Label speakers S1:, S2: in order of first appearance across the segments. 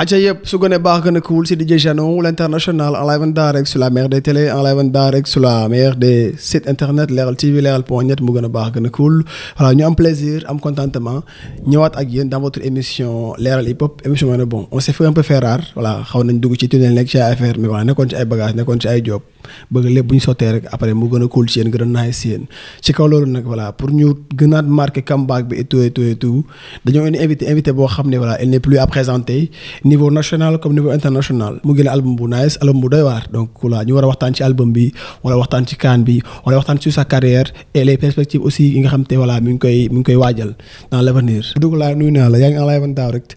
S1: aca yëpp su gën a baax gën a cool si DJ Jano l'international en live and direct sur la meilleure des télé en live and direct sur la meilleure des sites internet Leral TV Leral point net mu gën a baax gën a cool voilà ñu am plaisir am contentement ñëwaat ak yéen dans votre émission Leral hip hop émission moo ne bon on s'est fait un peu xaw nañ dugg ci tunnel nekk ci ay affaire mais voilà nekkoon ci ay bagages nekkoon ci ay job bëgg lépp bu ñu sottee rek après mu gën a cool si yéen gën a naaj si yéen ci kaw loolu nag voilà pour ñu gënaat marqué comeback bi et tout et tout et tout dañoo indi invité invité boo xam ne voilà elle n'est plus à présenter niveau national comme niveau international mu génne album bu nice album bu doy waar donc voilà ñu war a waxtaan ci album bi wala waxtaan ci kaan bi wala waxtaan ci sa carrière et les aussi yi nga xam te voilà mi koy mi ngi koy waajal dans l'avenir dugg laa nuyu naa la yaa ngi en live en direct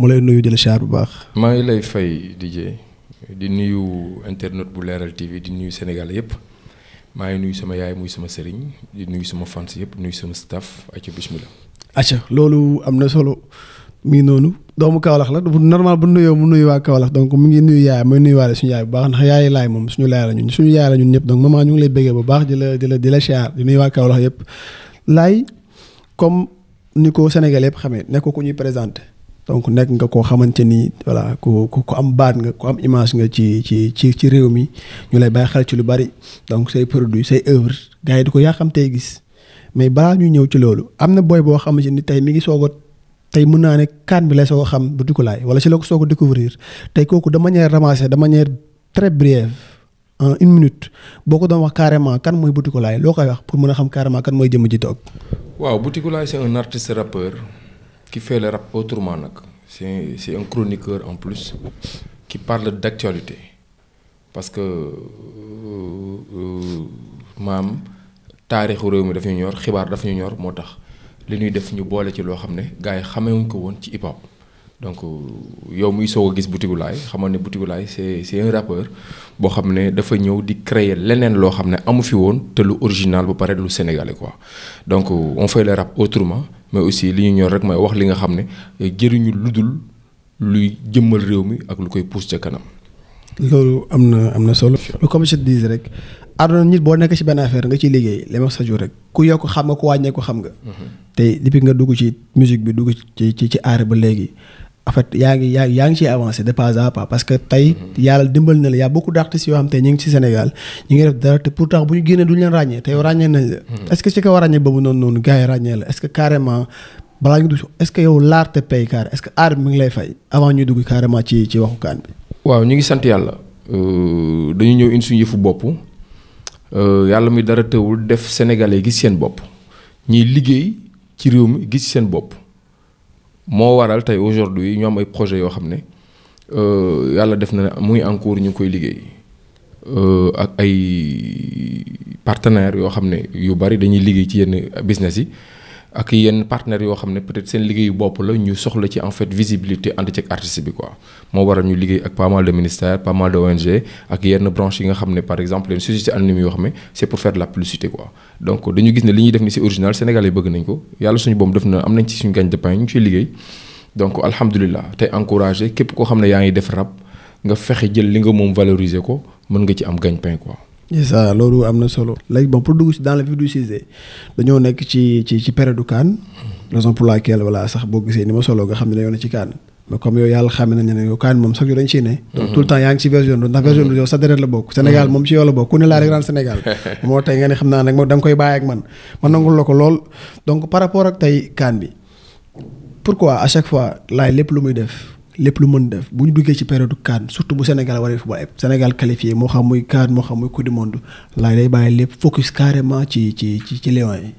S1: mu baax
S2: maa ngi lay fay DJ di nuyu internet bu leeral TV di nuyu Sénégal yëpp maa ngi nuyu sama yaay muy sama sëriñ di nuyu sama fans yëpp nuyu sama staff acca bismillah.
S1: acca loolu am na solo mi noonu doomu Kaolack la bu normal bu nuyoo mu nuyu waa Kaolack donc mu ngi nuyu yaay mooy nuyuwaale suñu yaay bu baax ndax yaay laay moom suñu laay la ñun suñu yaay la ñun ñëpp donc maman ñu ngi lay bëggee bu baax di la di la di la siyaar di nuyu waa Kaolack yëpp laay comme ni ko Sénégal yëpp xamee nekk ku ñuy présenté. donc nekk nga koo xamante ni voilà ku ku am baat nga ku am image nga ci ci ci ci réew mi ñu lay baay xel ci lu bari donc say produit say œuvre gars yi di ko yaa xam tey gis mais balaa ñu ñëw ci loolu am na booy boo xamante ni tey mi ngi soog a tey mën naa ne kaan bi lay soog a xam du Dickoulaay wala si la ko soog a découvrir tey kooku de manière ramassée de manière très brève en une minute boo ko doon wax carrément kan mooy bu Dickoulaay loo koy wax pour mën a xam carrément kan mooy jëmm ji toog.
S2: waaw bu Dickoulaay c'est un artiste rappeur qui fait le rap autrement nag. c'est c'est un chroniqueur en plus qui parle d'actualité parce que euh, euh, maam taarixu réew mi daf ñu ñor xibaar daf ñu ñor moo tax li ñuy def ñu boole ci loo xam ne gars yi xamewuñ ko woon ci hip hop donc euh, yow muy soog a gis Boutikou Laye xamal ne Boutikou Laye c'est un rappeur boo xam ne dafa ñëw di créer leneen loo xam ne amu fi woon te lu original ba pare lu sénégalais quoi donc euh, on fait le rap autrement mais aussi li ñu ñor rek mooy wax li nga xam ne euh, jëriñu lu dul luy jëmmal réew mi ak lu koy pousse ca kanam.
S1: loolu am na am na solo. comme je te rek. aduna ñit boo nekk ci benn affaire nga ciy liggéey li ma sa jur rek ku yokk xam nga ku wàññeeku xam nga. Mm-hmm. tey depuis nga dugg ci musique bi dugg ci ci ci aar ba léegi en yaa ngi yaa yaa ngi ciy avancé de pas à pas parce que tey mhm. yàlla dimbal na la y' a beaucoup d' artistes yoo ñu ngi ci Sénégal ñu ngi def dara te pourtant bu ñu génnee du ñu leen ràññee te yow ràññee nañ la. Mhm. est ce que ci kaw ràññee boobu noonu noonu gars ràññee la est ce balaa ñu dugg est yow l'art te pay carré est ce que art ngi lay fay avant ñuy dugg carrément ci ci waxu kaan bi.
S2: waaw ñu ngi sant yàlla euh, dañu ñëw in suñu yëfu bopp euh, yàlla muy dara teewul def sénégalais gis seen bopp ñiy liggéey ci réew gis seen bopp moo waral tey aujourd'hui ñu am ay projet yoo xam ne euh, yàlla def na mu ngi ñu koy liggéey euh, ak ay partenaires yoo xam ne yu bari dañuy liggéey ci yenn business yi ak yenn partenaires yoo xam ne peut-être seen liggéeyu bopp la ñu soxla ci en fait visibilité ànd ci ak artiste bi quoi moo waral ñu liggéey ak pas mal de ministères pas mal de ONG ak yenn branches yi nga xam ne par exemple yenn société anonyme yoo xam ne c'est pour faire la publicité quoi donc dañu gis ne li ñuy def ni c'est original Sénégal yi bëgg nañ ko yàlla suñu boom def na am nañ ci suñu gagne de pain ñu ngi liggéey donc alhamdulilah tey encouragé képp koo xam ne yaa ngi def nga fexe jël li nga moom valoriser ko mën nga ci am gagne c'est ça
S1: loolu am na solo léegi bon pour dugg si dans nekk ci ci ci période kaan raison boo gisee ni ma solo nga xam ne dañoo ci kaan mais comme xam nañ ne ne. Mm-hmm. tout le temps yaa ngi ci version bi ndax version bi mm-hmm. ne laa rek naan Sénégal. moo tey nga ne xam naa nag moom da koy bàyyi ak man ma nangul la ko lool donc par rapport ak tey kaan bi pourquoi à chaque fois laay lépp lu muy def. lépp lu mën def bu ñu duggee ci période CAN surtout bu Sénégal war a football Sénégal qualifié moo xam muy CAN moo xam muy coupe du monde laay day bàyyi lépp focus carrément ci ci ci ci Lions yi.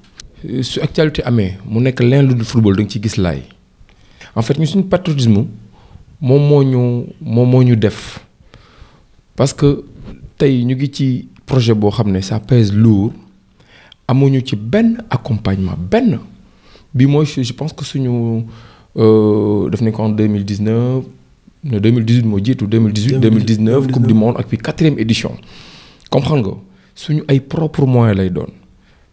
S2: Euh, su actualité amee mu nekk lenn lu dul football da nga ciy gis laay en fait ñu suñu patriotisme moom moo ñu moom moo ñu def parce que tey ñu ngi ci projet boo xam ne ça pèse lourd amuñu ci benn accompagnement benn bi mooy je pense que suñu. Euh, def ne ko en deux mille dix neuf ne mille dix huit moo jiitu deux mille dix huit deux mille dix neuf coupe du monde ak puis quatrième édition comme xam nga suñu ay propres moyens lay doon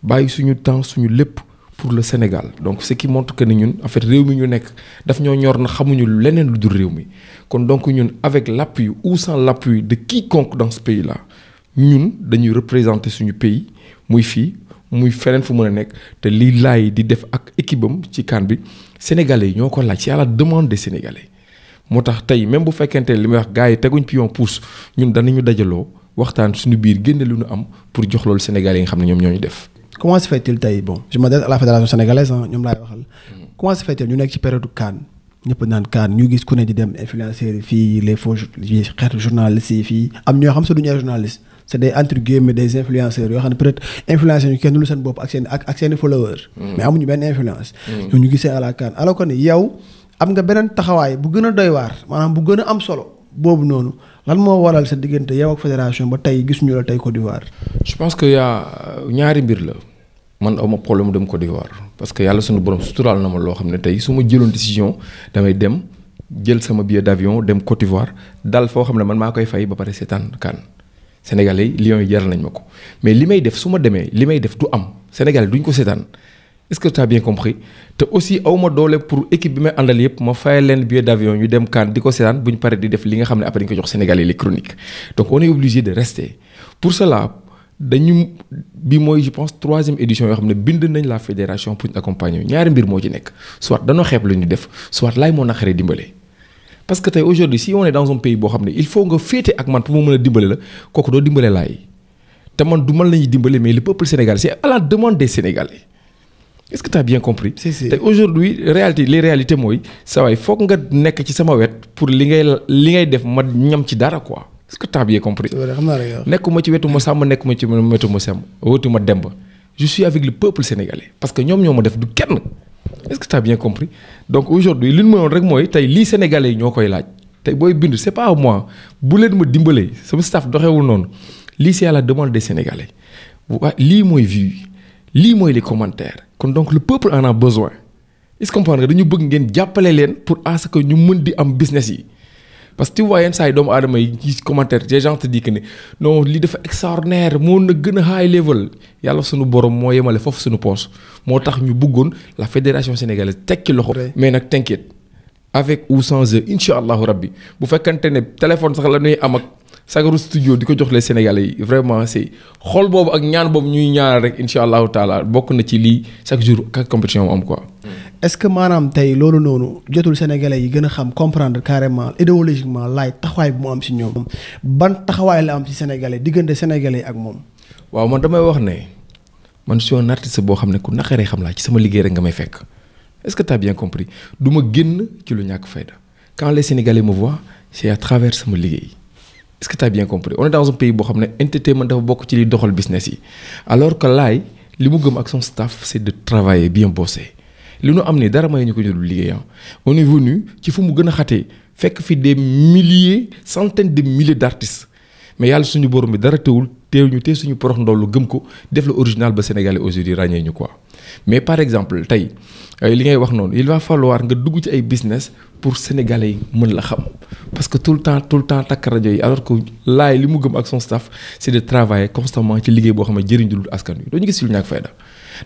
S2: bàyyi suñu temps suñu lépp pour le Sénégal donc ce qui monte que ni ñun en fait réew mi ñu nekk daf ñoo ñor na xamuñu leneen lu dul réew mi kon donc ñun avec l' yu ou sans l' appui de quiconque dans ce pays la ñun dañuy représenter suñu pays muy fii muy feneen fu mën a nekk te lii laay di def ak équipe ci kan bi sénégalais yi ñoo ko laaj c'est à la demande des sénégalais moo tax tey même bu fekkente li may wax gars yi teguñ pion pousse ñun ñu dajaloo waxtaan suñu biir génne lu ñu am pour jox loolu sénégalais yi nga xam ne ñoom ñoo ñu def.
S1: comment se fait-il tey bon je m'adresse à la fédération sénégalaise ah ñoom laay waxal hmm. comment se fait-il ñu nekk ci période CAN ñëpp naan kaan ñu gis ku ne di dem influenceurs yi fii les faux xeetu journalistes yi fii am ñoo xam sa duñu ay journaliste c'est des entre guillemets des influenceurs yoo xam ne peut-être influenceurs ñu kenn dul seen bopp ak seen ak ak seen followers mm. mais amuñu benn influence mm. ñoo ñu gisee àlakaan alors que ne yow am nga beneen taxawaay bu gën a doy waar maanaam bu gën a am solo boobu noonu lan moo waral sa diggante yow ak fédération ba tey gisuñu la tey Côte d'Ivoire
S2: je pense que yaa euh, ñaari mbir la man awma problème dem Côte d'Ivoire parce que yàlla suñu borom suturaal na ma loo xam ne tey su ma décision damay dem jël sama billet d'avion dem Côte d'Ivoire foo xam ne man maa koy fay ba pare seetaan kan sénégal yi lion yi jaral nañ ma ko mais li may def su ma demee li may def du am sénégalais duñ ko seetaan est que tu as bien compris te aussi aw ma doole pour équipe bi may àndal yëpp ma fayal leen billet avion ñu dem kaan di ko seetaan bu ñu paree di def li nga xam ne après dañ ko jox sénégalais les chroniques donc on est obligé de rester pour cela dañu bi mooy je pense troisième édition yoo xam ne bind nañ la fédération pour ñu accompagner ñaari mbir moo ci nekk soit danoo xeeb lu ñu def soit laay moo naqaree dimbale. parce que tey aujourd'hui si on est dans un pays boo xam ne il faut nga féete ak man pour ma mën a dimbale la kooku doo dimbale laay te man du man la ñuy dimbale mais le peuple sénégalais c'est à la demande des sénégalais est-ce que t'as bien compris. si si tey aujourd'hui réalité les réalités mooy sa waay foog nga nekk ci sama wet pour li ngay li ngay def ma ñam ci dara quoi est-ce que t'as bien compris. nekkuma ci wetu ma sàmm nekkuma ci wetu ma sàmm wetu ma demb je suis avec le peuple parce que ñoom ñoo ma def du kenn. est-ce que t'as bien compris donc aujourd'hui li ñu mënoon rek mooy tey lii sénégale yi ñoo koy laaj tey booy bind c'est pas à moi bu leen ma dimbalee sama staff doxewul noonu lii c'est à la demande des sénégalais waa lii mooy vue lii mooy li commentaires kon donc lu peuple en a besoin est-ce que comprendre dañu bëgg ngeen jàppale leen pour à ce ñu mën di am business yi parce que tu vois yenn saa yi doomu aadama yi ci commentaire des gens te di que lii dafa extraordinaire moo na gën a high yàlla sunu borom moo yemale foofu sunu poche. moo tax ñu bëggoon la fédération sénégalaise ki loxo. mais nag t'inquiète avec ou sans eux incha allahu rabbi bu fekkante ne téléphone sax la ñuy am ak sagaru studio di ko jox les sénégalais yi vraiment c'est xol boobu ak ñaan boobu ñuy ñaanal rek incha allahu taala bokk na ci lii chaque jour ak compétition mu am quoi. Mm.
S1: est-ce que maanaam tey loolu noonu jotul sénégalais yi gën a xam comprendre carrément idéologiquement laay taxawaay bi mu am si ñoom. ban taxawaay la am si sénégalais diggante sénégalais
S2: ak moom. waaw man je suis un boo xam ne ku naqaree xam laa ci sama liggéey rek nga may fekk est-ce que t'as bien compris du génn ci lu ñàkk fayda quand les sénégalais me voient c'est à travers sama liggéey est-ce que t'as bien compris on est dans pays boo xam ne entertainment dafa bokk ci liy doxal business yi alors que laay li mu gëm ak son staff c'est de travailler bien bosser li nu am ni dara may ñu ko jëlul liggéeyam on est ci fu mu gën a fekk fi de mais yàlla suñu borom bi dara teewul teew ñu te suñu porox ndollu gëm ko def la original ba sénégalais aujourd'hui ràññee ñu quoi mais par exemple tey euh, li ngay wax noonu il va falloir nga dugg ci ay business pour sénégalais yi mën la xam parce que tout le temps tout le temps takk rajo yi alors que laay li mu gëm ak son staff c'est de travailler constamment ci liggéey boo xam ne jëriñ dul askan wi doo ñu gis si lu ñàkk fayda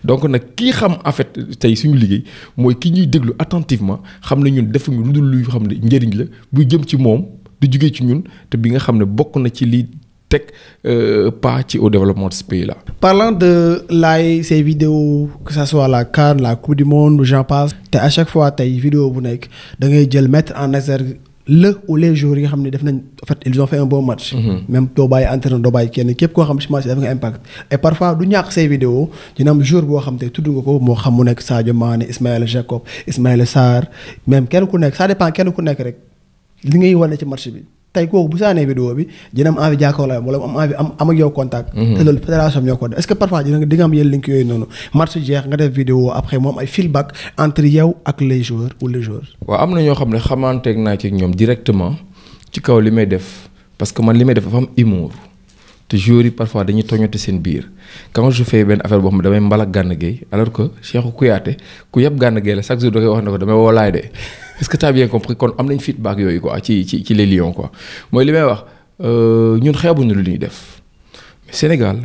S2: donc nag kii xam en fait tey suñu liggéey mooy ki ñuy déglu attentivement xam ne ñun defuñu lu dul luy xam ne la buy jëm ci moom. di jugee ci ñun te bi nga xam ne bokk na ci lii teg euh, pas ci au développement de ce pays là.
S1: parlant de laay ces vidéos que ça soit la CAN la coupe du monde j'en passe te à chaque fois tey vidéo bu nekk da ngay jël mettre en exergue le ou les jours yi nga xam ne def nañ en fait ils ont fait un match. Mm-hmm. même doo bàyyi entraîneur doo bàyyi kenn képp koo xam si match def nga impact. et parfois du ñàkk say vidéo dina am jour boo xam te tudd nga ko moo xam mu nekk Sadio Mané ku nekk ça dépend kenn ku nekk rek. li ngay wane ci marché bi tey kooku bu saanee vidéo bi dina am envie jàkkaarloo wala am envie am am ak yow contact. Mhm. te loolu fédération bi ñoo ko def est-ce que parfois dina nga am yenn link yooyu noonu match jeex nga def vidéo après moom ay feedback entre yow ak les joueurs ou les joueurs.
S2: waaw am na ñoo xam ne xamanteeg naa ñoom directement ci kaw li may def parce que man li may def dafa am humour te joueurs yi parfois dañuy toñote seen biir quand je fais benn affaire boo xam ne damay mbalak Gana Gueye alors que Cheikhou Kouyaté ku yab Gana Gueye la chaque jour da koy wax est-ce que t'as bien compris kon am nañ feedback yooyu quoi ci ci ci les lion quoi mooy li may wax euh, ñun xeebuñu lu ñuy def Sénégal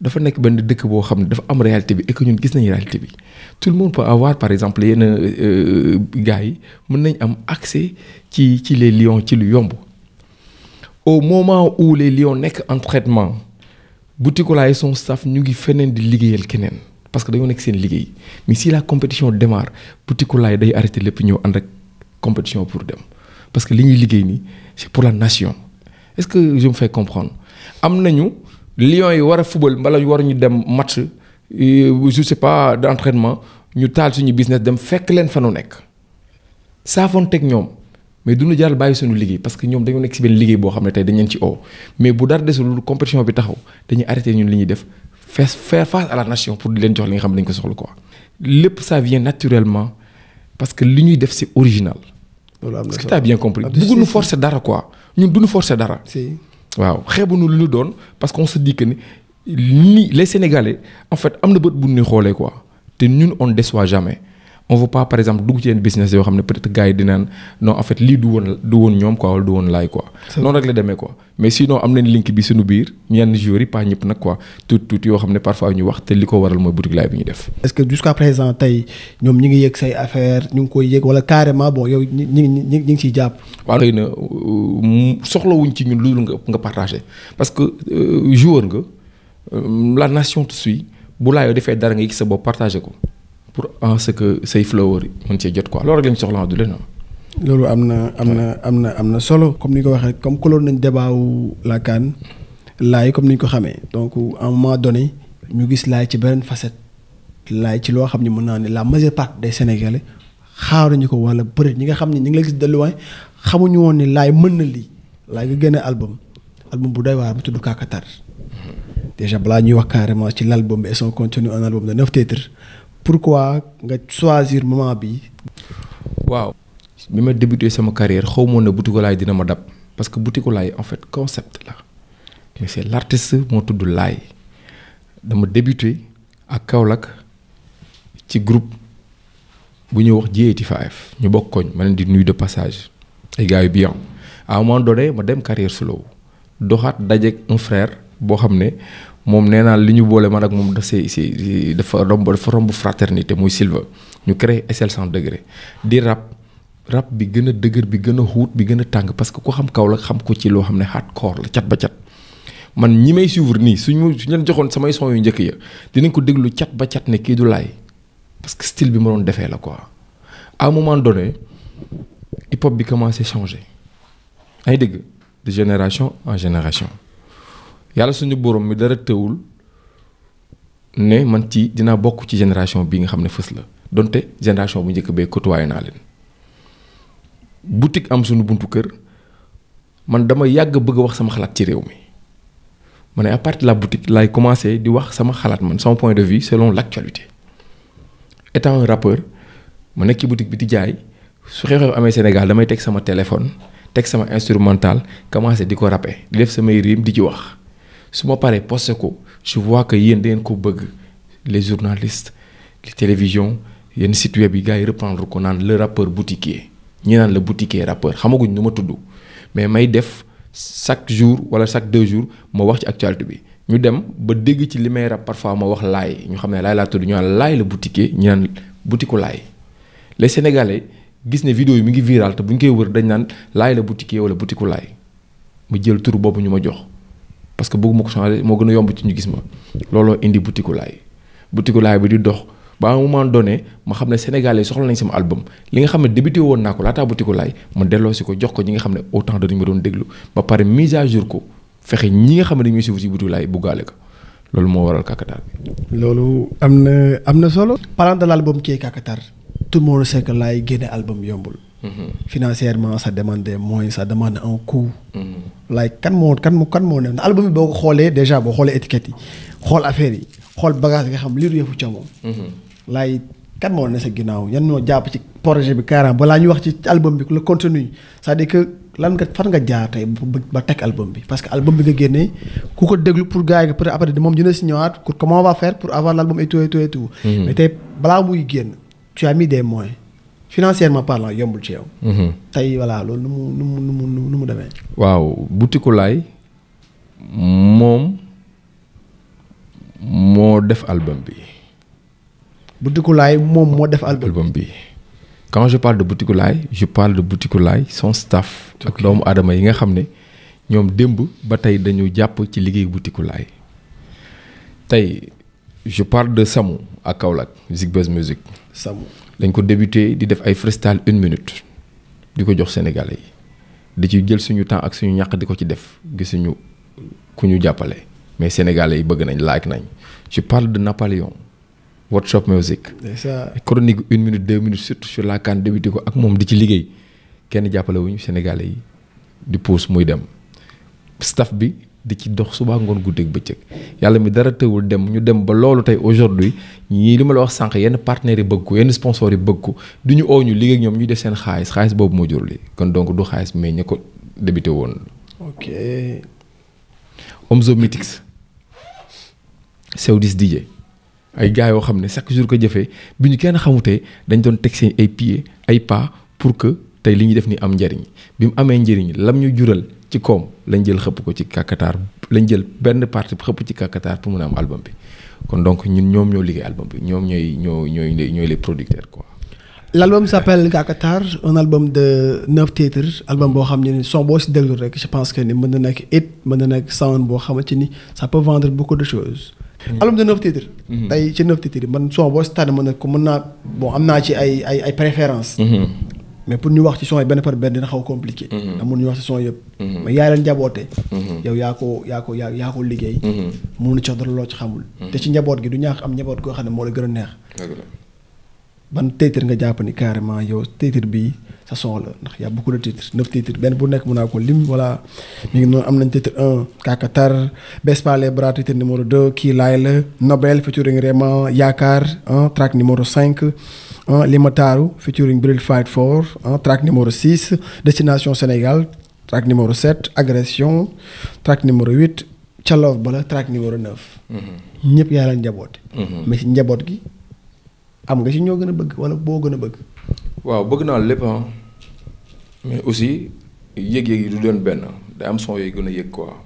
S2: dafa nekk benn dëkk boo xam ne dafa am réalité bi et que ñun gis nañ réalité bi tout le monde peut avoir par exemple yenn euh, gars yi mën nañ am accès ci ci les lions ci lu yomb au moment où les lions nekk en traitement Bouticola et son staff ñu ngi feneen di liggéeyal keneen parce que dañoo nekk seen liggéey mais si la compétition démarre Bouticola day arrêté lépp ñëw ànd rek compétition pour dem parce que li ñuy liggéey nii c'est pour la nation est-ce que je me fais comprendre am ñu lions yi war a fubal mbala war ñu dem match euh, je sais pas d'entraînement ñu taal suñu business dem fekk leen fa nekk saafoon teg ñoom mais duñu jaral bàyyi suñu liggéey parce que ñoom dañoo nekk ci benn liggéey boo xam ne tey dañ leen ci oo mais bu dara desul compétition bi taxaw dañuy arrêté ñun li ñuy def faire face à la nation pour di leen jox li nga xam dañ ko soxla quoi lépp ça vient parce que li ñuy def c'est original loolu am na solo t'as bien compris bëgguñu forcer dara quoi ñun duñu forcer dara. waaw waaw nu lu ñu doon parce qu'on sa dit que ni nii les Sénégalais en fait am na bët bu ñu xoolee quoi te ñun on ne déçoit jamais. on veut pas par exemple dugg ci yenn business yoo xam ne peut-être gars yi dinaan non en fait lii du woon du woon ñoom quoi wala du woon laay quoi. noonu rek la demee quoi mais sinon am nañ link bi suñu biir ñenn jours yi pas ñëpp nag quoi tuuti tuuti yoo xam ne parfois ñu wax te li ko waral mooy boutique laay bi ñu def.
S1: est-ce ñu ngi yëg say affaire ñu ngi koy yëg wala carrément bon yow ñi ñi ñi ngi ciy jàpp.
S2: waaw xëy na euh, soxlawuñ ci ñun loolu nga nga partagé parce que euh, joueur nga euh, la nation te suit bu laayoo defee dara nga yëg sa bopp partagé ko. pour à ce que say flower mën cee jot quoi loolu rek lañ soxla du leen
S1: loolu am na am na am na am na solo comme ni nga ko waxee comme koloon nañ débat wu la CAN laay comme ni ñu ko xamee donc à un moment donné ñu gis laay ci beneen facette laay ci loo xam ne mën naa ne la majeure partie des sénégalais xaaruñu ko wala peut-être ñi nga xam ne ñi ngi la gis de xamuñu woon ni laay mën na lii laay nga génne album album bu doy waar mu tudd Kakatar mm-hmm. déjà balaa ñuy wax carrément ci l'album bi et son contenu un album de pourquoi
S2: nga choisir moment bi waaw bi ma débuté sama carrière xaw ne moon ko laay dina ma dab parce que laay en fait concept la mais c'est l'artiste moo tudd laay dama débuté ak Kaolack ci groupe bu ñuy wax J85 ñu bokk koñ ma leen di nuyu de passage ay gars yu bien à un moment donné ma dem carrière slow doxaat dajeeg un boo xam ne moom nee naa li ñu boole man ak moom daf see si dafa romb dafa romb fraternité mooy Silva ñu créé SL 100 degré di rap rap bi gën a dëgër bi gën a xuut bi gën a tàng parce que ku xam kaw la xam ko ci loo xam ne hardcore la cat ba cat. man ñi may suivre nii suñu suñu leen joxoon samay son yu njëkk ya dinañ ko déglu cat ba cat ne kii du laay parce que style bi ma doon defee la ko à un moment hip hop bi commencé changer ay dégg de génération en génération. yàlla suñu borom mi dara tëwul ne man ci dinaa bokk ci génération bii nga xam ne fës la donte génération bu njëkk bee côtoyé naa leen boutique am suñu buntu kër man dama yàgg bëgg wax sama xalaat ci réew mi ma ne à partir de la boutique laay commencé di wax sama xalaat man sama point de vie selon l'actualité étant un rappeur ma nekk ci boutique bi di jaay su xew-xew amee Sénégal damay teg sama téléphone teg sama instrumental commencé di ko rappé di def samay riim di ci wax. su ma paree posté ko je vois que yéen dangeen ko bëgg les journalistes les télévisions yenn site yi gars yi rependre ko naan le rappeur boutiquier ñi naan la boutiquier rappeur xamaguñ nu ma tudd mais may def chaque jour wala chaque deux jour ma wax ci actualité bi ñu dem ba dégg ci li may rap parfois ma wax laay ñu xam ne laay laa tudd ñu naan laay la boutiquier ñu naan boutiku laay les sénégalais gis ne vidéo yi mi ngi viral te bu ñu koy wër dañ naan laay la boutiquier wala boutiku mu jël tur boobu ñu ma jox. parce que bëgguma ko changer moo gën a yomb ci ñu gis ma looloo indi butikulaay butikulaay bi di dox ba à un moment donné ma xam ne sénégalais soxla nañ sama album li nga xam ne débuté woon naa ko laataa butikulaay ma delloo si ko jox ko ñi nga xam ne autant dañu ma doon déglu ba pare mise à jour ko fexe ñi nga xam ne dañuy suivre si butikulaay buggaale ko loolu moo waral Kakatar
S1: bi. loolu am na am na solo. parlant de l'album qui est Kakatar tout le monde sait que laay génne album yombul. Mhm. financièrement ça demande des moyens ça demande un coût. Mhm. like kan moo kan moo kan moo album bi boo ko xoolee déjà boo xoolee étiquette yi xool affaire yi xool bagage nga xam li du yëfu camo. Mhm. like kan moo ne sa ginnaaw yan ñoo jàpp ci projet bi carrément balaa ñuy wax ci album bi le contenu lan nga fan jaar tey ba teg album bi parce que album bi nga génnee ku moom dina si ñëwaat pour comment va faire pour avoir l'album et tout muy génn tu as mis des moyens. financièrement parlant yombul ci yow. Mhm. tey voilà loolu nu mu lu mu nu mu nu mu demee.
S2: waaw Butikulaay moom moo def album bi.
S1: Butikulaay moom
S2: moo def album. bi quand je parle de Butikulaay je parle de Butikulaay son staff. ak doomu aadama yi nga xam ne ñoom démb ba tey dañu jàpp ci liggéey Butikulaay tey je parle de Samu ak Kaolack Zik Buzz Music. Samu. dañ ko débuté di def ay freestyle une di ko jox sénégalais yi di ci jël suñu temps ak suñu ñàkk di ko ci def gisuñu ku ñu jàppale mais sénégalais yi bëgg nañ like nañ ci parle de Napoléon workshop music chronique une minute deux minutes surtout su la CAN débuté ko ak moom di ci liggéey kenn jàppale wuñu sénégalais yi di pousse muy dem staff bi di ci dox subaa ngoon guddeeg bëccëg yàlla mi dara tëwul dem ñu dem ba loolu tey aujourd'hui ñii li ma la wax sànq yenn partenaires yi bëgg ko yenn sponsors yi bëgg ko du ñu oo ñu liggéey ak ñoom ñu def seen xaalis xaalis boobu moo jur lii kon donc du mais ña ko débuté woon. ok. Omzo Mythics. Sewdis DJ. ay gars yoo xam ne chaque jour ko jëfee bi ñu kenn xamutee dañ doon teg seen ay pieds ay pas pour que tey li ñu def ni am njariñ bi mu amee njariñ lam ñu jural. ci koom lañ jël xëpp ko ci kàkkataar lañ jël benn partie xëpp ci kàkkataar pour mun a am album bi kon donc ñun ñoom ñoo liggéey album bi ñoom ñooy ñooy ñooy les producteurs quoi.
S1: l'album s'appelle Kakatar un album de neuf titres album boo xam ni son boo si déglu rek je pense que ni mën na nekk hit mën na nekk sound boo xamante ni ça peut vendre beaucoup de choses. Mm-hmm. album de neuf titres. Mm-hmm. tey ci neuf titres yi man son boo si tànn na ko mën naa bon am naa ci ay ay ay mais pour ñu wax ci son yi benn par benn dina xaw compliqué. Mhm. ndax mënuñu wax ci son yëpp. Mhm. mais yaa leen njaboote. Mhm. yow yaa ko yaa ko yaa yaa ko liggéey. mënuñu ci dara loo ci xamul. te ci njaboot gi du ñaax am njaboot goo xam ne moo la gën a neex. ban titre nga jàpp ni carrément yow titre bii sa son la ndax y' a beaucoup de titres neuf titres benn bu nekk mun naa ko lim voilà mi ngi noonu am nañ titre un Kakatar baisse pas titre numéro deux Kii laay la Nobel featuring Rema Yaakaar ah track numéro cinq ah Limataaru featuring Bril Fight for ah track numéro six Destination Sénégal track numéro sept Agression track numéro huit Caloof bala track numéro neuf. Mm-hmm. ñëpp yaa leen njaboot. Mm-hmm. mais si njaboot gi am nga si ñoo gën a
S2: bëgg wala boo gën a bëgg. waaw bëgg naa lépp ah. mais aussi yëg-yëg yi du doon benn day am son yooyu gën a yëg quoi.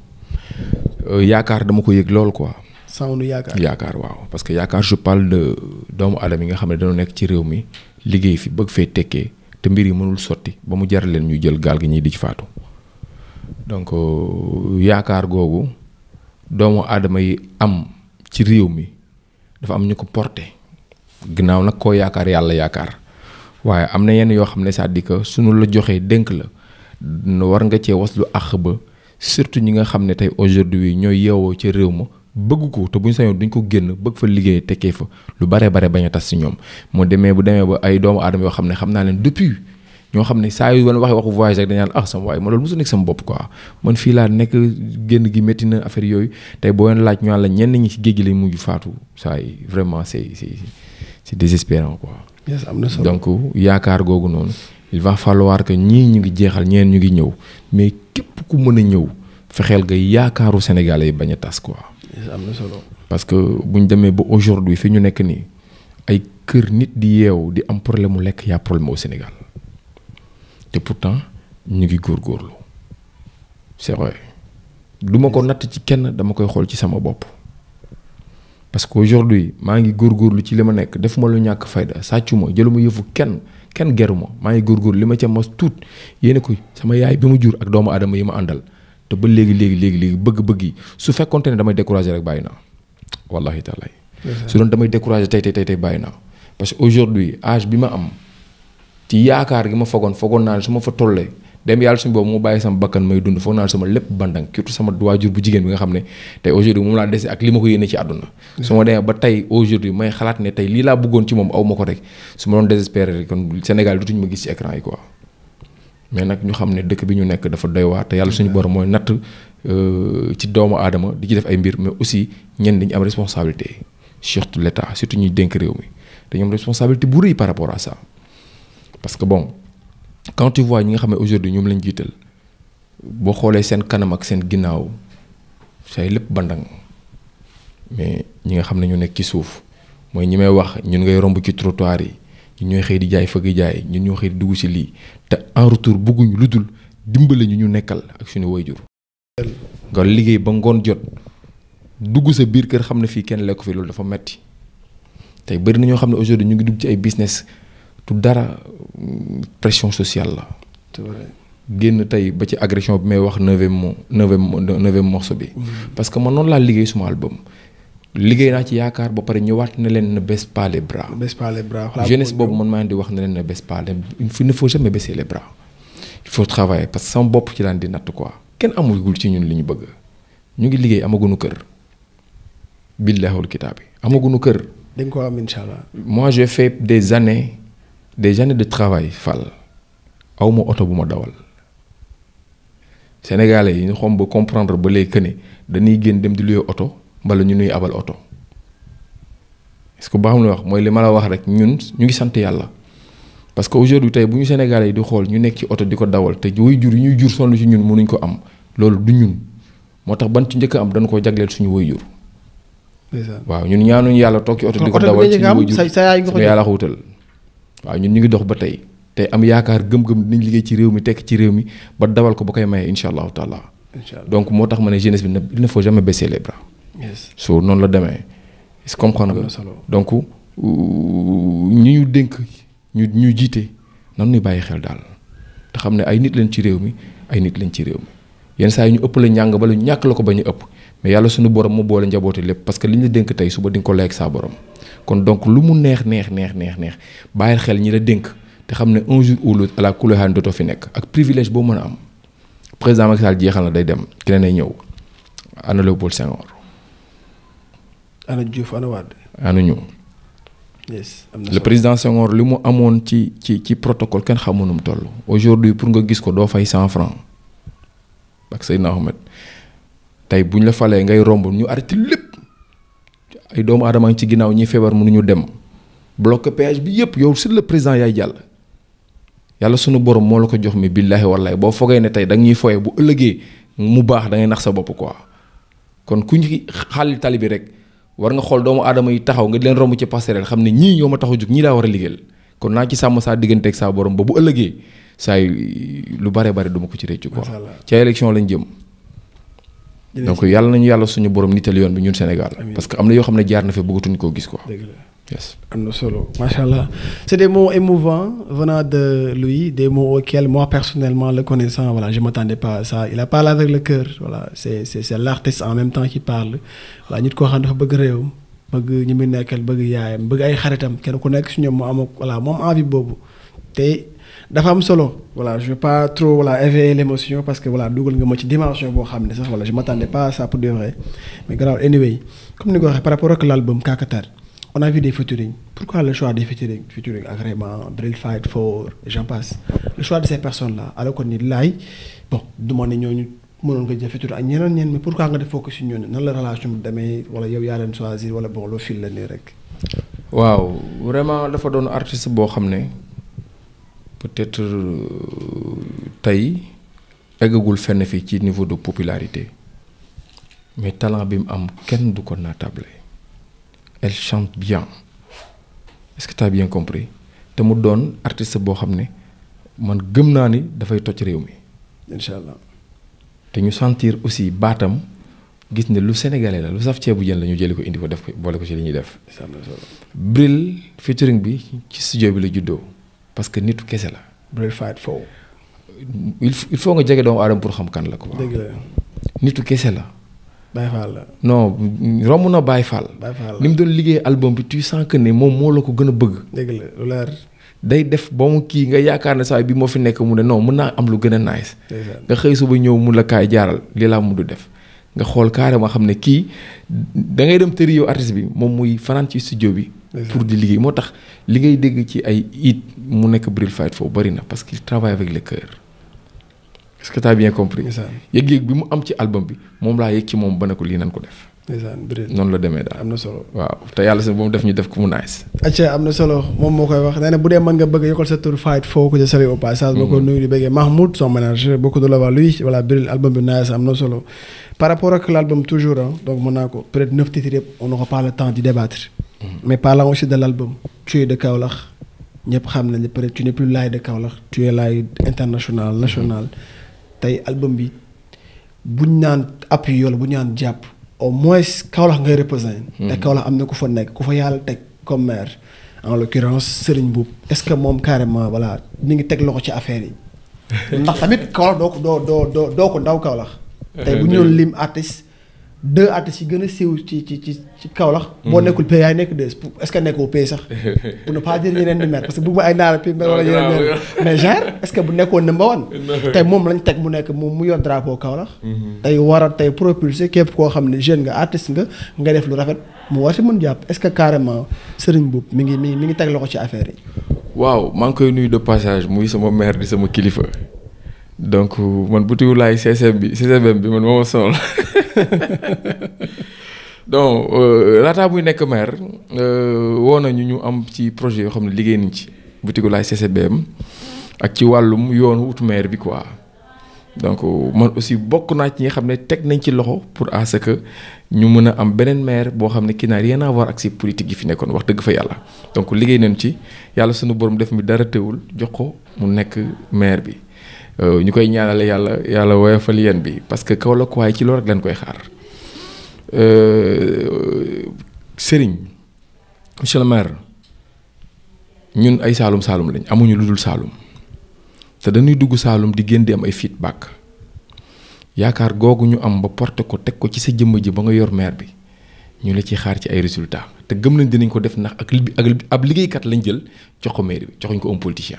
S2: Euh, yaakaar dama ko yëg loolu quoi. sawnu yaakaar yaakaar waaw parce que yaakaar je parle de doomu aadama nga xam ne dañoo nekk ci réew mi liggéey fi bëgg fee tekkee te mbir yi mënul sotti ba mu jar leen ñu jël gaal gi ñuy di ci faatu donc euh, yaakaar googu doomu aadama yi am ci réew mi dafa am ñu ko porté ginnaaw nag koo yaakaar yàlla yaakaar. waaye am na yenn yoo xam ne c'est-à-dire suñu la joxee dénk la war nga cee was lu àq ba surtout ñi nga xam ne tey aujourd'hui ñooy yeewoo ci réew ma bëgg ko te bu ñu sañoon duñ ko génn bëgg fa liggéey tekkee fa lu bare bare bañ tas si ñoom moo demee bu demee ba ay doomu aadama yoo xam ne xam naa leen depuis ñoo xam ne saa yu wan waxee waxu voyage ak dañu naan ah, sama waaye ma loolu mosu nekk sama bopp quoi man fii laa nekk génn gi métti na affaire yooyu tey boo laaj ñu naan la ñenn ñi ci mujj faatu saa vraiment c'est c'est c'est désespérant yes am na solo donc yaakaar googu noonu. il va falloir que ñii ñu ngi jeexal ñeen ñu ngi ñëw mais képp ku mën a ñëw fexeel nga yaakaaru sénégalais yi bañ a tas quoi. am na solo. parce que bu ñu demee ba aujourd'hui fi ñu nekk nii ay kër nit di yeewu di am problème mu lekk yaa problème au senegal te pourtant ñu ngi góor góorlu vrai du duma ko natt ci kenn dama koy xool ci sama bopp. parce que aujourd'hui maa ngi góorgóorlu ci li ma nekk def ma lu ñàkk fayda sàccu ma jëlu ma yëfu kenn kenn geru ma maa ngi góor góorgóorlu li ma ca mos tuut yéene ko sama yaay bi ma jur ak doomu aadama yi ma àndal te ba léegi léegi léegi léegi bëgg-bëgg yi su fekkonte ne damay découragé rek bàyyi naa wallahi taalaay su doon damay découragé tey tey tey tey bàyyi naa parce que aujourd'hui age bi ma am ci yaakaar gi ma foogoon foogoon naa ne su ma fa tollee dem yàlla suñu boobu mu bàyyi sama bakkan may dund foog naa sama lépp bandang surtout sama waajur bu jigéen bi nga xam ne tey aujourd'hui moom laa dese ak li ma ko yéene ci àdduna su ma demee ba tey aujourd'hui may xalaat ne tey lii laa bëggoon ci moom aw ma ko rek su ma doon désespéré rek kon Sénégal dutuñ ma gis ci écran yi quoi mais nag ñu xam ne dëkk bi ñu nekk dafa doy waar te yàlla suñu borom mooy natt euh, ci doomu aadama di ci def ay mbir mais aussi ñenn dañu am responsabilité surtout l' état surtout ñuy dénk réew mi dañu am responsabilité bu rëy par rapport à ça parce quand tu ñi nga xam ne aujourd'hui ñoom lañ jiital boo xoolee seen kanam ak seen ginnaaw say lépp bandang mais ñi nga xam ne ñu nekk ci suuf mooy ñi may wax ñun ngay romb ci trotoire yi ñun ñooy xëy di jaay fëgg jaay ñu ñoo xëy di dugg ci lii te en retour bëgguñu lu dul dimbali ñu ñu nekkal ak suñu jur nga liggéey ba ngoon jot dugg sa biir kër xam ne fii kenn lekku fi loolu dafa metti tey bëri na ñoo xam ne aujourd'hui ñu ngi dugg ci ay business du dara pression sociale la. c'est vrai génn tey ba ci agression bi may wax neuvième mo neuvième neuvième morceau bi. Mm-hmm. parce que man noonu laa liggéey suma album. liggéey naa ci yaakaar ba pare ñëwaat na leen ne baisse pas les bras.
S1: baisse pas les
S2: boobu man maa di wax na leen ne baisse pas les il ne faut jamais baisser les bras. il faut travailler parce que sama bopp ci laan di natt quoi. kenn amagul ci ñun li ñu bëgg ñu ngi liggéey amaguñu kër. billaahul kitaab bi amaguñu kër.
S1: dañ ko am incha allah. moi
S2: j'ai fait des années. des années de travail fal aw ma oto bu ma dawal sénégalais yi ñu xom ba comprendre ba léegi que ne dañuy génn dem di luye oto mbala ñu nuy abal oto est-ce que baax na wax mooy li ma la wax rek ñun ñu ngi sant yàlla parce que aujourd'hui tey bu ñu sénégalais yi di xool ñu nekk ci oto di ko dawal te way jur yi ñuy jur sonn ci ñun mënuñ ko am loolu du ñun moo tax ban ci njëkk am dañ koo jagleel suñu way jur. waaw ñun ñaanuñ yàlla toog ci oto di ko dawal suñu way jur sa waaw ñun ñu ngi dox ba tey tey am yaakaar gëm-gëm dinañ liggéey ci réew mi tekk ci réew mi ba dawal ko ba koy maye incha allahu taala. donc moo tax ma ne jeunesse bi na il ne faut jamais baisser les bras. so noonu la demee. est-ce que comprendre nga donc euh, ñu ñu dénk ñu ñu jiite nan ñuy bàyyi xel daal te xam ne ay nit lañ ci réew mi ay nit lañ ci réew mi yenn saa yi ñu ëpp la ñàng bala ñu ñàkk la ko ba ñu ëpp mais yàlla suñu borom mu boole njaboote lépp parce que li ñu la dénk tey suba di ko lekk saa borom. kon donc lu mu neex neex neex neex neex bàyyil xel ñi la dénk te xam ne un jour ou l'autre à fi nekk ak privilège boo mën a am président Macky Sall jeexal na day dem keneen ay ñëw ana Léopold Senghor.
S1: ana ñu. am na le président
S2: li mu amoon ci ci ci protocole kenn xamu nu mu toll. aujourd'hui pour nga gis ko doo fay cent franc ak Seydina Ahmed tey bu ñu la falee ngay romb ñu arrêté lépp. ay doomu aadama ci ginnaaw ñi feebar ñu dem bloc péage bi yëpp yow sur le président yaay jàll yàlla sunu borom moo la ko jox mi billaahi wallaahi boo fogee ne tey danga ñuy foyee bu ëllëgee mu baax dangay ngay nax sa bopp quoi kon ku ñu xaali tali bi rek war nga xool doomu adama yi taxaw nga di leen romb ci passerelle xam ne ñii ñoo ma tax a jug ñii daa war a liggéeyal kon naa ci sàmm saa digganteeg saa borom ba bu ëllëgee saa yu lu bare bare duma ko ci réccu quoi. ca élection lañ jëm. donc yàlla ñu yàlla suñu borom nital yoon bi ñun Sénégal parce que am na yoo xam ne jaar na fa bëggatuñ koo gis quoi yes
S1: am solo macha allah c'est des mots émouvants venant de lui des mots auxquels moi personnellement le connaissant voilà je m'attendais pas a parlé avec le cœur voilà c'est c'est c'est l'artiste en même temps qui parle voilà nit koo xam dafa bëgg réewam bëgg ñi nekkal bëgg yaayam bëgg ay xaritam kenn ku nekk su ñoom mu am voilà moom envie boobu dafa am solo voilà je veux pas trop voilà éveiller l'émotion parce que voilà dugal nga ma ci dimension boo xam ne sax voilà je m'attendais pas à ça pour de vrai mais gannaaw anyway comme ni ko par rapport ak l'album Kakatar on a vu des featuring pourquoi le choix des featuring featuring ak Rema Drill Fight Four j'en passe le choix de ces personnes là alors que ni laay bon du ne ñooñu mënoon nga jël featuring ak ñeneen ñeen mais pourquoi nga def focus si ñooñu nan la relation bi demee wala yow yaa wala bon loo rek.
S2: waaw vraiment dafa doon artiste boo xam ne. peut-être euh, tey eggagul fenn fii ci niveau de popularité mais talent bi mu am kenn du ko naatable elle chante bien est-ce que t'as te mu doon artiste boo xam ne man gëm naa ni dafay toj réew mi. incha allah te ñu sentir aussi baatam gis ne lu sénégalais la lu saf ceebu jën la ñu jëli ko indi ko def ko boole ko ci li ñuy def. bril featuring bi ci studio bi la juddoo. parce que nitu kese la.
S1: Brad Fight Fow.
S2: il faut nga jege doomu aadama pour xam kan la ko dëgg nitu kese la. Baye Fall romb na Baye Fall. Baye Fall la ni mu doon liggéey album bi tu sens que ni moom moo la ko gën a bëgg.
S1: dëgg la
S2: lu day def ba mu kii nga yaakaar ne saa bi moo fi nekk mu ne non mën naa am lu gën a nice. nga xëy suba ñëw mun la kaay jaaral li laa mu du def. nga xool carrément xam ne kii da ngay dem tëri yow bi moom muy fanaan ci studio bi. pour di liggéey moo tax li ngay dégg ci ay it mu nekk Bril Fight foofu bari parce qu'il travaille avec le que t'as bien compris. yëg-yëg bi mu am ci album bi moom laa yëg ci moom ba ne ko lii ko def. noonu la demee daal na solo. waaw te yàlla si ba mu def ñu def ko mu nice.
S1: acca am na solo moom moo koy wax nee bu dee mën nga bëgg a yokkal sa tur Fight foo ko ca salué au passage. boo ko mm-hmm. nuyu di bëggee Mahmoud son manager beaucoup de la voir lui voilà Bril album bi nice am na solo. par rapport ak l'album toujours ah donc mën temps di mais parlons aussi de l'album tu es de Kaolack ñëpp xam nañ ne peut-être de Kaolack tu es Laye international national tey album bi buñ ñaan appui yow la bu ñaan jàpp au moins Kaolack ngay représenté. Hmm. te Kaolack am na ku fa nekk ku fa yàlla teg comme maire en l'occurrence Serigne Boub est-ce que moom carrément voilà mi ngi teg loxo ci affaire yi. ndax tamit Kaolack doo ko doo doo doo ko ndaw Kaolack. Eh tey bu ñu lim artiste. deux artistes yi gën a siiw ci ci ci ci Kaolack. Mm-hmm. boo nekkul P yaay nekk deux est que nekkoo P sax pour ne pas que bu ma ay naara P wala ah, yeneen que bu nekkoon number one tey moom lañ teg mu nekk moom mu yor drapeau Kaolack. Mm-hmm. tey war a tey propulser képp koo xam ne jeune nga artiste nga nga def lu rafet mu war si mën jàpp est-ce que carrément Serigne Mboup mi ngi mi mi ngi teg loxo ci affaire yi.
S2: waaw maa ngi koy nuyu de passage muy sama mère di sama kilifa. donc euh, man butiwu laay CCM bi CCM bi man moo ma sonal donc euh, laataa muy nekk maire euh, woo nañu ñu am ci projet yoo xam ne liggéey nañ ci butigu CCBM ak ci wàllum yoonu wut maire bi quoi donc man aussi bokk naa ci ñi xam ne teg nañ ci loxo pour à ce que ñu mën a am beneen maire boo xam ne qui n'a rien à voir ak si politique yi fi nekkoon wax dëgg fa yàlla donc liggéey nañ ci yàlla sunu borom def mi dara teewul jox ko mu nekk maire bi. Euh, ñu koy ñaanale yàlla yàlla woyofal yéen bi parce que Kaolack waaye ci loolu rek lañ koy xaar euh, sëriñ monsieur le maire ñun ay saalum saalum lañ amuñu lu dul saalum te dañuy dugg saalum di génn di am ay feedback yaakaar googu ñu am ba porte ko teg ko ci sa jëmm ji ba nga yor maire bi ñu la ciy xaar ci ay résultats te gëm nañ dinañ ko def ndax ak li ak ab liggéeykat lañ jël jox ko maire bi joxuñ ko un politicien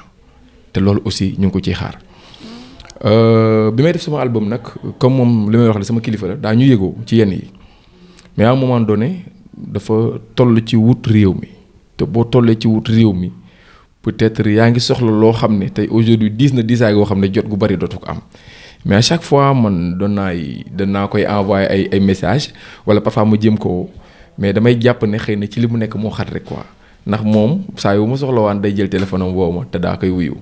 S2: te loolu aussi ñu ngi ko ciy xaar. Euh, bi may def sama album nag comme moom li may wax la sama kilifa la daa ñu yëgoo ci yenn yi mais à un moment donné dafa toll ci wut réew mi te boo tollee ci wut réew mi peut-être yaa ngi soxla loo xam ne tey aujourd'hui diis na diisaay goo xam ne jot gu bari dootu ko am mais chaque fois man doon naay danaa koy envoyé ay ay messages wala parfois mu jëm ko mais damay jàpp ne xëy na ci li mu nekk moo xat rek quoi ndax moom saa yu ma soxla soxlawaan day jël téléphone am te daa koy wuyu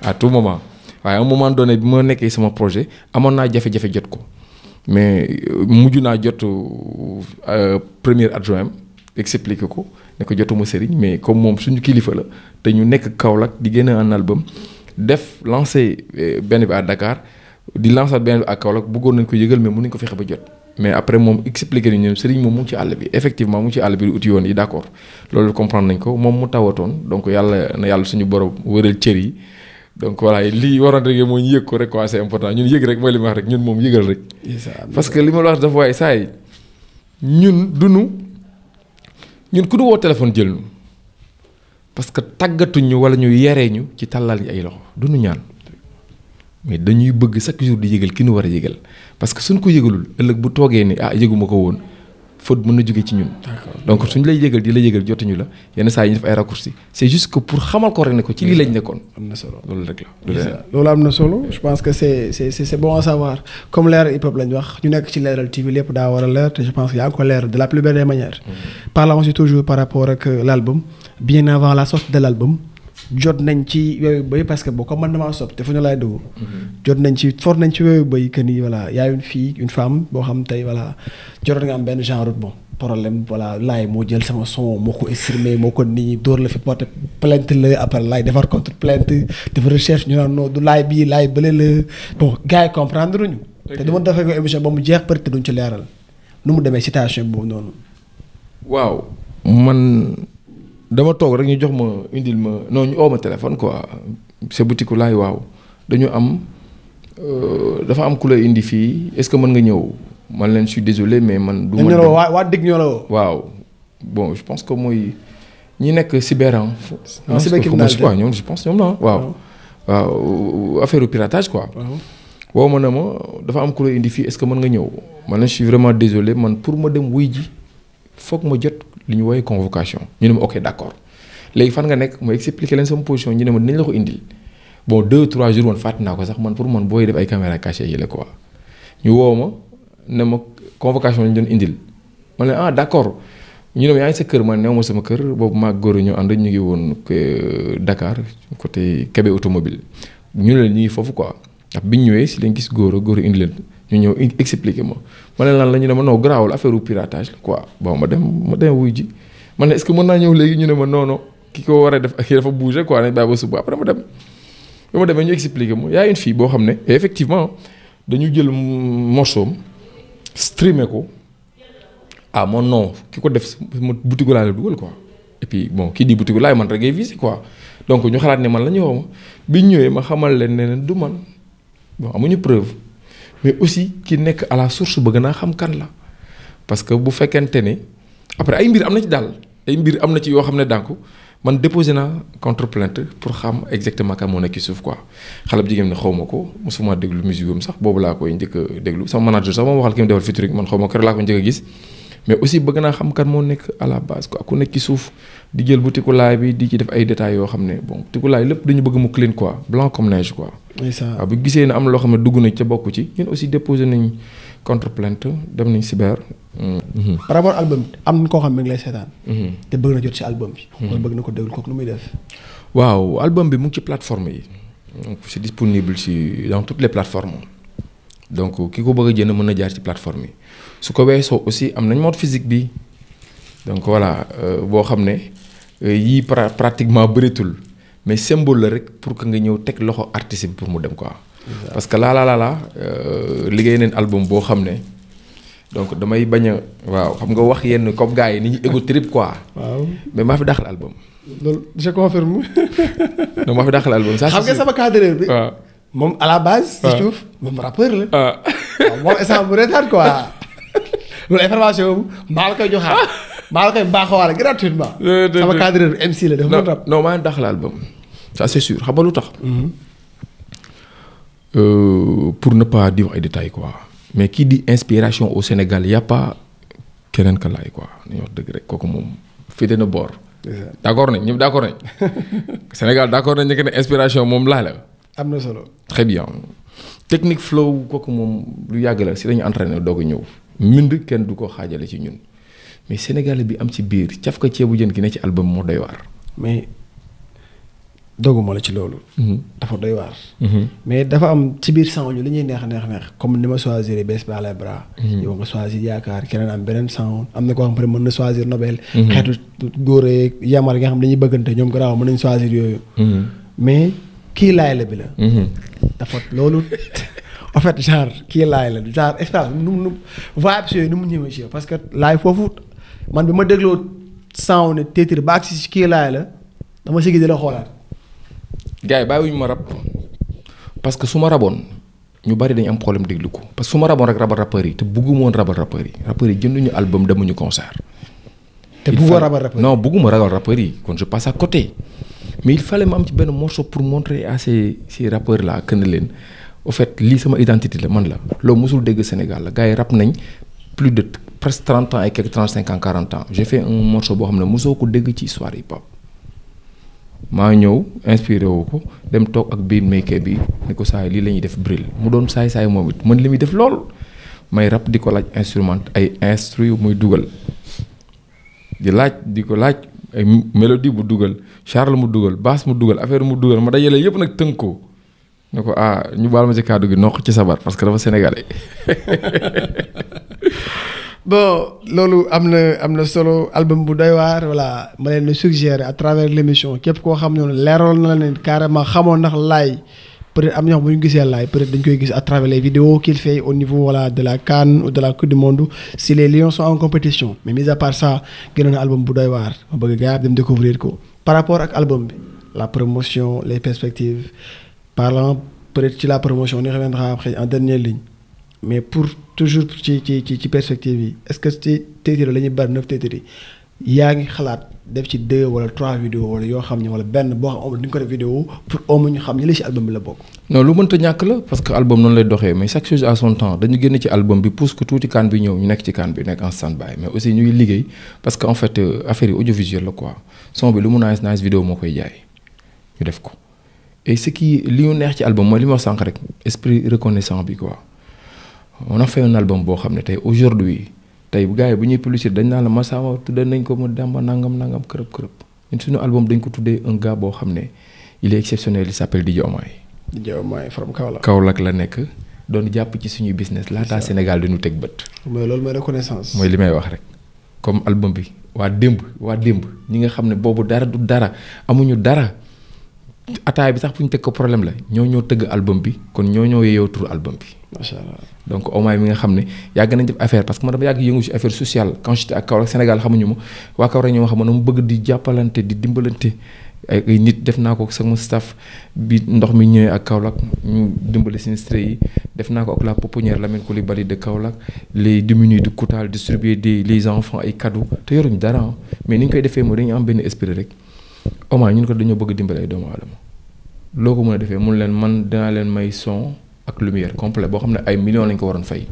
S2: à tout moment. waaye à un moment bi moo nekkee sama projet amoon naa jafe-jafe jot ko mais euh, mujj naa jot euh, premier adjoint expliqué ko ne ko jotuma sëriñ mais comme moom suñu kilifa la te ñu nekk Kaolack di génne un album def lancé euh, benn bi à Dakar di lancer benn bi à Kaolack bëggoon nañ ko yëgal mais mënuñ ko fexe ba jot. mais après moom expliqué nañu ne sëriñ moom mu ci àll bi effectivement mu ci àll bi lu uti yoon yi d' loolu comprendre nañ ko moom mu tawatoon donc yàlla na yàlla suñu borom wëral cër yi. donc voilà lii waroon rek mooy ñu yëg ko rek quoi c'est important ñun yëg rek mooy li ma wax rek ñun moom yëgal rek. parce que li ma la wax dafa waaye saa yi ñun dunu ñun ku du woo téléphone jël ñu parce que tàggatuñu wala ñu yaree ñu ci tàllal ñu ay loxo duñu ñaan mais dañuy bëgg chaque jour di yëgal ki nu war a yëgal parce que suñ ko yëgalul ëllëg bu toogee ni ah yëguma ko woon. faute mën na jóge ci ñun donc suñ lay yëgal di la yëgal jotuñu la yenn saa yi ñu def ay raccourci c' est juste pour xamal ko rek ne ko ci lii lañ nekkoon am na solo loolu rek la
S1: loolu am na solo je pense que c' est bon à savoir comme leeral hip hop lañ wax ñu nekk ci leeral TV lépp daa war a leer te je pense que yaa ngi ko leer de la plus belle des manières mm-hmm. parlons aussi toujours par rapport ak euh, l' album bien avant la sortie de l' jot nañ ci yooyu bëy parce que boo ko man damaa sopp te fu ñu laay dugg. jot nañ ci for nañ ci yooyu bëy que ni voilà y fii une fille une femme boo xam tey voilà jotoon nga am benn genre bon problème voilà laay moo jël sama son moo ko estimé moo ko nii dóor la fi porté plainte la après laay defar contre plainte dafa recherche ñu naan du laay bii laay bële la bon defee ko émission ba mu jeex peut te duñ ci leeral nu mu demee situation boobu noonu.
S2: waaw man. dama toog rek ñu jox ma indil ma non ñu oo ma téléphone quoi sa boutique waaw dañu am euh, dafa am ku indi fii est-ce que mën nga ñëw man leen suis désolé mais man. du ma waa waa dégg ñoo la bon je pense que mooy ñi nekk cyberan. ah cybercriminalité waaw ñoom je pense ñoom la waaw. Ah. waaw euh, piratage quoi. Ah. waaw ma ne ma dafa am ku indi fii est-ce que mën nga ñëw man leen je suis vraiment désolé man pour ma dem wuy ji foog ma jot. li ñu woowee convocation ñu ne ma ok d' accord léegi fan nga nekk ma expliqué leen sama position ñu ne ma dinañ la ko indil bon deux trois jours woon fàtt naa ko sax man pour man booy def ay caméra cachée yi la quoi ñu woo ma ne ma convocation lañ doon indil ma ne ah d' accord ñu ne ma yaa ngi sa kër ma new ma sama kër boobu maag góor ñoo ànd ñu ngi woon euh, dakaar côté Kébé automobile ñu ne la ñuy foofu quoi ndax bi ñu ñëwee si lañ gis góor a góor a leen ñu ñëw expliqué ma ma ne lan la ñu ne ma non garaawul affaire u piratage la quoi bon ma dem ma dem wuy ji ma ne est mën naa ñëw léegi ñu ne ma non ki ko war a def ak dafa bougé quoi nañ bàyyi ba suba après ma dem ba ma demee ñu expliqué ma yaa une fille boo xam ne effectivement dañu jël morceau streamé ko ah mon ki ko def ma butigu laa la dugal quoi et puis kii di butigu laay man rek ngay visé quoi donc ñu xalaat ne man la ñu woo ma bi ñëwee ma xamal leen ne leen du man bon amuñu preuve. mais aussi ki nekk à la source bëgg naa xam kan la parce que bu fekkente ne après ay mbir am na ci daal ay mbir am na ci yoo xam ne dànku man déposé naa contre plainte pour xam exactement kan moo nekk ci suuf quoi xale bu jigéen ne xaw ko mosuma déglu musique am sax boobu laa koy njëkk a déglu sama manager sax moom laa ko njëkk a gis mais aussi bëgg naa xam kan moo nekk à la base quoi ku nekk ci suuf di jël bu tikulaay bi di ci def ay détails yoo xam ne bon tikulaay lépp dañu bëgg mu clean quoi blanc comme waaw bu gisee ne am loo xam ne dugg na ca bokk ci ñun aussi déposé nañ contre plainte dem nañ cyber. par mm-hmm. rapport album am na koo xam ne mi ngi lay seetaan. Mm-hmm. te bëgg jot si album bi. Mm-hmm. bëgg na ko déglu kooku lu muy def. waaw album bi mu ngi ci plateforme yi. donc c'est disponible si dans toutes les donc ki ko bëgg a mën na jaar ci plateforme yi su ko weesoo aussi am nañ mode physique bi donc voilà euh, boo xam ne euh, yii pratiquement bëritul. mais symbole la rek pour que nga ñëw teg loxo artiste bi pour mu dem quoi. parce que laa laa laa euh, liggéey neen album boo xam ne donc damay bañ a. waaw xam nga wax yenn comme gars yi ni ñu égo trip quoi. waaw mais maa fi dàqal album.
S1: loolu je confirme.
S2: non maa fi dàqal album. ça xam nga sama cadreur à la base. si suuf
S1: moom rappeur la. Ah. waaw moom maa la koy joxaat ah. maa la koy baaxawaale gratuitement. sama cadreur bi MC la dafa mën rap. non maa album.
S2: ça c'est sûr xam nga lu tax. Euh, pour ne pas dire ay détails quoi mais kii di inspiration au Sénégal y keneen ka laay quoi nañu dëgg rek kooku moom féete na boor. d' nañ ñëpp d' accord nañ Sénégal d' accord nañ ne inspiration moom laa la. am na solo. très bien technique flow kooku moom lu yàgg la si dañu entraîné doog a ñëw. mbind kenn du ko xaajale ci ñun mais Sénégal bi am ci biir caf ka ceebu jën ki ne ci album moo doy waar.
S1: dogguma la ci loolu. Mm-hmm. dafa doy waar. Mm-hmm. mais dafa am ci biir sang ñu li ñuy neex neex neex comme ni ma choisir bés ba les bras. Mm-hmm. yow nga choisir yaakaar keneen am beneen sang am na koo xam ne mën na choisir nobel. xeetu góor yeeg yamar nga xam ne dañuy bëggante ñoom garaaw mën nañ choisir yooyu. mais kii laay la bi la. dafa loolu en fait genre kii laay la genre espace nu mu nu vibes yooyu mu parce que laay foofu man bi ma dégloo sang ne titre ba agsi si la dama si gis di
S2: gars yi ñu ma rab parce que su ma raboon ñu bari dañu am problème déglu ko parce que su ma raboon rek rabal rappeurs yi te bëgguma woon rabal rappeurs yi rappeurs yi jënduñu album demuñu concert. te bëggoo rabal rappeurs yi non bëgguma rabal rappeurs yi kon je passe à côté mais il fallait ma am ci benn morceau pour montrer à ces ces rappeurs là que ne leen au fait lii sama identité la man la loolu mosul dégg Sénégal la gars yi rap nañ plus de presque 30 ans et quelques 35 ans boo xam ne mosoo ko dégg ci histoire hip maa ñëw inspiré wu ko dem toog ak biir maker bi ni ko saay lii lañuy ñuy def bril mu doon saay saay moom it mën li muy def lool may rap di ko laaj instrument ay instru muy dugal di laaj di ko laaj ay mélodie bu dugal Charles mu dugal basse mu dugal affaire mu dugal ma dajale yëpp nag tënk ko ne ko ah ñu baal ma ci kàddu gi noq ci sabar parce que dafa sénégalais bon loolu am na am
S1: na solo album bu doy waar voilà ma leen di suggérer à travers l' émission képp koo xam ne leeroon na leen carrément xamoon ndax laay peut-être am na ñoo xam bu ñu gisee laay peut-être dañ koy gis à travers les vidéos qu'il fait au niveau voilà de la CAN ou de la Coupe du Monde si les Lions sont en compétition mais mis à part ça génnoon na album bu doy waar ma bëgg gars dem découvrir ko par rapport ak album bi la promotion les perspectives parlant peut-être ci la promotion on y reviendra mais pour toujours ci ci ci ci perspective yi est-ce que ci titre la ñuy bari neuf titre yi yaa ngi xalaat def ci deux wala trois vidéo wala yoo xam ne wala benn boo xam ne du ñu ko def vidéo pour au ñu xam ñàkk
S2: la parce que album noonu lay doxee mais chaque chose à son temps dañu génn ci album bi pousse ñu liggéey parce que en fait euh, affaire yi audiovisuel la quoi son bi lu mu nice nice vidéo moo koy jaay ñu def ko et li ñu neex ci album mooy li ma wax sànq rek esprit reconnaissant bi quoi. on a fait un album boo xam ne tey aujourd'hui tey gars yi bu ñuy publicité dañ naan la Massawa tudde nañ ko mu Demba nangam nangam kërëb kërëb ñun suñu album dañ ko tuddee un gars boo xam ne il est exceptionnel il s'appelle Dj Omay. Dj Omay from Kaolack. la nekk doon jàpp ci suñuy business laataa Sénégal dañu teg bët.
S1: mooy loolu mooy reconnaissance. mooy
S2: li may wax rek comme album bi waa démb waa démb ñi nga xam ne boobu dara du dara amuñu dara. ataay bi sax bu ñu teg ko problème la ñoo ñoo tëgg album bi kon ñoo ñoo yeyoo tur album bi. macha allah donc Omaay mi nga xam ne yàgg nañ def affaire parce que man dama yàgg yëngu ci affaire sociale quand j'étais ak Kaolack Sénégal xamuñu ma waa Kaolack ñoo xam ne mu bëgg di jàppalante di dimbalante. ay nit def naa ko ak sama staff bi ndox mi ñëwee ak Kaolack ñu dimbali sinistré yi def naa ko ak la pouponnière Lamine Coulibaly de Kaolack les démunis de Koutal distribuer des les enfants ay cadeaux te yoruñ dara mais ni ñu koy defee mooy dañu am benn esprit Omar ñun ko dañoo bëgg dimbale ay doomu aadama loo ko mën a defee mun leen man dinaa leen may son ak lumière complet boo xam ne ay millions lañ ko waroon fey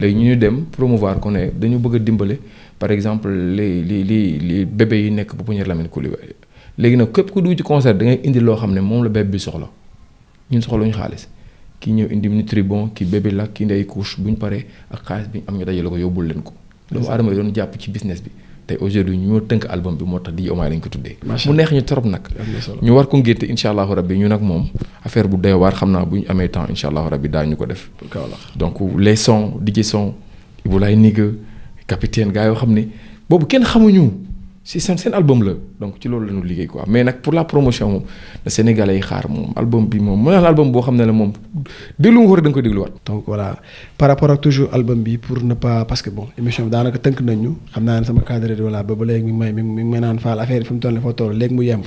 S2: léegi ñu ñu dem promouvoir ko ne dañu bëgg dimbale par exemple li li li li bébé yi nekk bu Poñeer Lamine Coulibaly léegi nag képp ku dugg ci concert da ngay indi loo xam ne moom la bébé bi soxla ñun soxla ñu xaalis ki ñëw indi nutribon ki bébé la ki ndey couche bu ñu paree ak xaalis bi ñu am ñu dajale ko yóbbul leen ko. doomu aadama yi doon jàpp ci business bi. te aujourd'hui ñu ñoo tënk album bi moo tax di Omaay lañ ko tuddee. mu neex ñu trop nag. ñu war ko ngénte incha allahu rabbi ñu nag moom affaire bu doy waar xam naa bu ñu amee temps incha allahu rabbi daañu ko def. donc les sons DJ son Ibou Laye Niga capitaine gars yoo xam ne boobu kenn xamuñu. si seen seen album la donc ci loolu la ñu liggéey quoi mais nag pour la promotion moom na Sénégalais xaar moom album bi moom mën naa album boo xam ne la moom déglu nga ko rek da nga koy dégluwaat.
S1: bi pour ne pas parce que bon émission bi tënk nañ ñu xam naa ne sama cadre voilà ba ba léegi mi ngi may mi may naan faal affaire yi fi toll nii fa toll léegi mu yemb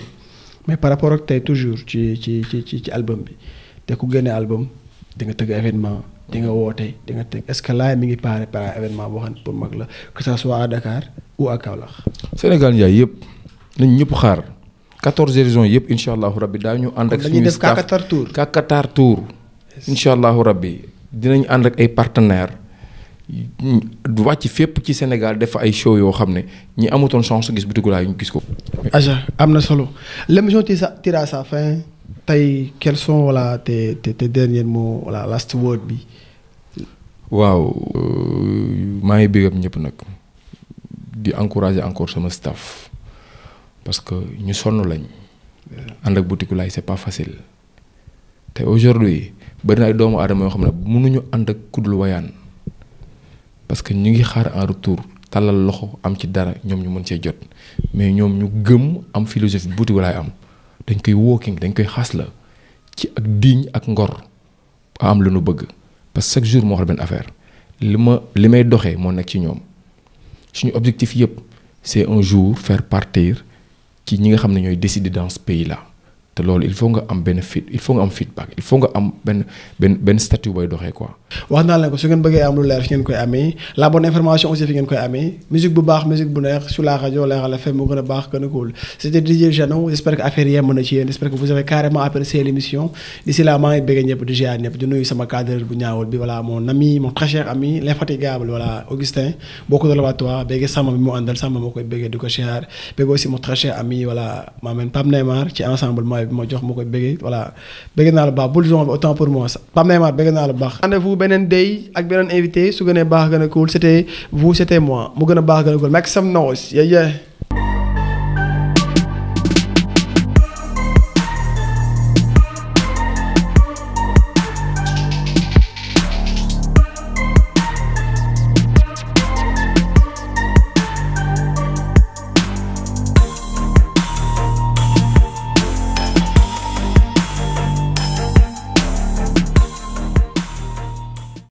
S1: mais par rapport ak tey toujours ci ci ci ci album bi te ku génnee album di nga tëgg événement. di nga woote di teg est mi ngi pare pare événement boo xam ne pour mag la que ça soit ou à
S2: Kaolack. Sénégal njaay yëpp nañ ñëpp xaar quatorze régions yëpp incha allahu rabbi daañu ñu ak. suñu staff dañuy def Kakatar Tour Kakatar Tour. incha allahu rabbi dinañ ànd ak ay partenaires. wàcc fépp ci Sénégal def ay show yoo xam ne ñi amatoon chance gis Boutique Laye ñu gis ko.
S1: tey quels sont voilà tes tes, tes derniers mots voilà last word bi.
S2: waaw euh, maa ngi bégam ñëpp nag di encourager encore sama staff parce que ñu sonn lañ ànd ak boutique laay c'est pas facile te aujourd'hui bari na ay doomu aadama yoo xam ne mënuñu ànd ak kudul wayaan parce que ñu ngi xaar en retour tàllal loxo am ci dara ñoom ñu mën cee jot mais ñoom ñu gëm am philosophie boutique laay am. dañ koy wooking dañ koy xas la ci ak diiñ ak ngor am lu nu bëgg parce que chaque jour moo wax benn affaire li ma li may doxee moo nekk ci ñoom suñu objectif yëpp c'est un jour fair partir ci ñi nga xam ne ñooy décider dans ce pays te loolu il faut nga am benn benn benn benn doxee quoi. wax
S1: naa leen ko su ngeen bëggee am lu leer fi ngeen koy amee la bonne information aussi fi ngeen koy amee musique bu baax musique bu neex sur la rajo Leral FM mu gën a baax gën a cool c'était DJ Jano j'espère que affaire yemm na ci yéen j'espère que vous avez carrément apprécié l'émission d'ici là maa ngi bëgg ñëpp di ziar ñëpp di nuyu sama cadreur bu ñaawul bi voilà mon ami moo koy ami voilà Mamen bi ma jox ma ko bëggee voilà bëgg naa la baax bul zon bi autant pour moi Pape Neymar bëgg naa la baax. rendez-vous beneen day ak beneen invité su gën a baax gën a cool c'était vous c'était moi mu gën a baax gën a cool make some